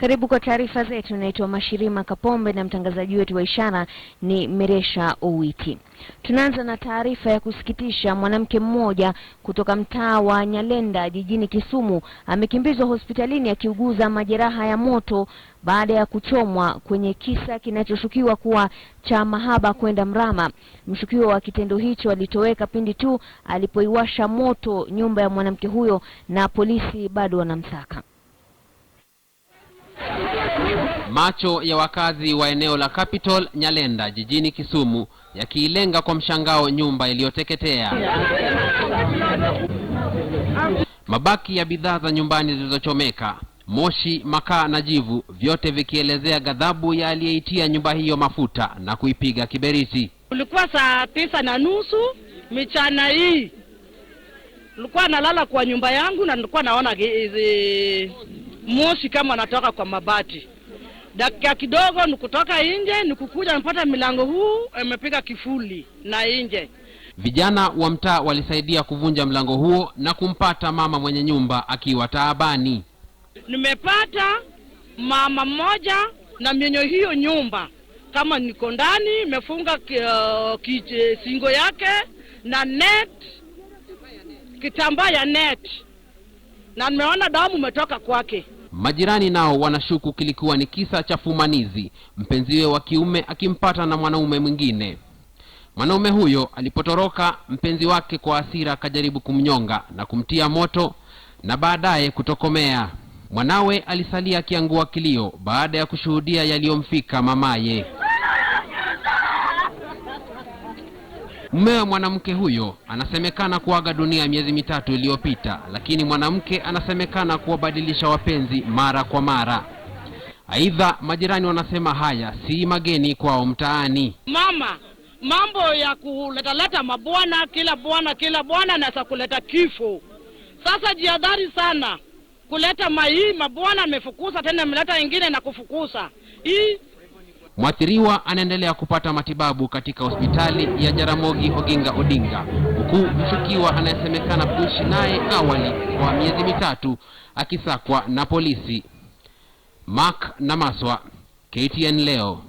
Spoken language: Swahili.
Karibu kwa taarifa zetu. Naitwa Mashirima Kapombe na mtangazaji wetu wa ishara ni Meresha Owiti. Tunaanza na taarifa ya kusikitisha. Mwanamke mmoja kutoka mtaa wa Nyalenda jijini Kisumu amekimbizwa hospitalini akiuguza majeraha ya moto baada ya kuchomwa kwenye kisa kinachoshukiwa kuwa cha mahaba kwenda mrama. Mshukiwa wa kitendo hicho alitoweka pindi tu alipoiwasha moto nyumba ya mwanamke huyo, na polisi bado wanamsaka. Macho ya wakazi wa eneo la Capital Nyalenda jijini Kisumu yakiilenga kwa mshangao nyumba iliyoteketea. Mabaki ya bidhaa za nyumbani zilizochomeka, moshi, makaa na jivu, vyote vikielezea ghadhabu ya aliyeitia nyumba hiyo mafuta na kuipiga kiberiti. Ulikuwa saa tisa na nusu michana hii, nilikuwa nalala kwa nyumba yangu na nilikuwa naona hizi moshi kama anatoka kwa mabati dakika kidogo nikutoka nje nikukuja, amepata milango huu amepiga kifuli na nje. Vijana wa mtaa walisaidia kuvunja mlango huo na kumpata mama mwenye nyumba akiwa taabani. Nimepata mama mmoja na mienyo hiyo nyumba, kama niko ndani, imefunga uh, singo yake na net, kitambaa ya net, na nimeona damu umetoka kwake. Majirani nao wanashuku kilikuwa ni kisa cha fumanizi, mpenziwe wa kiume akimpata na mwanaume mwingine. Mwanaume huyo alipotoroka, mpenzi wake kwa hasira akajaribu kumnyonga na kumtia moto na baadaye kutokomea. Mwanawe alisalia akiangua kilio baada ya kushuhudia yaliyomfika mamaye. Mmea mwanamke huyo anasemekana kuaga dunia miezi mitatu iliyopita, lakini mwanamke anasemekana kuwabadilisha wapenzi mara kwa mara. Aidha, majirani wanasema haya si mageni kwao mtaani. Mama, mambo ya kuletaleta mabwana kila bwana kila bwana anaweza kuleta kifo. Sasa jihadhari sana kuleta mahii mabwana amefukuza tena ameleta ingine na kufukuza hii Mwathiriwa anaendelea kupata matibabu katika hospitali ya Jaramogi Oginga Odinga, huku mshukiwa anayesemekana kuishi naye awali kwa miezi mitatu akisakwa na polisi. Mark Namaswa, KTN leo.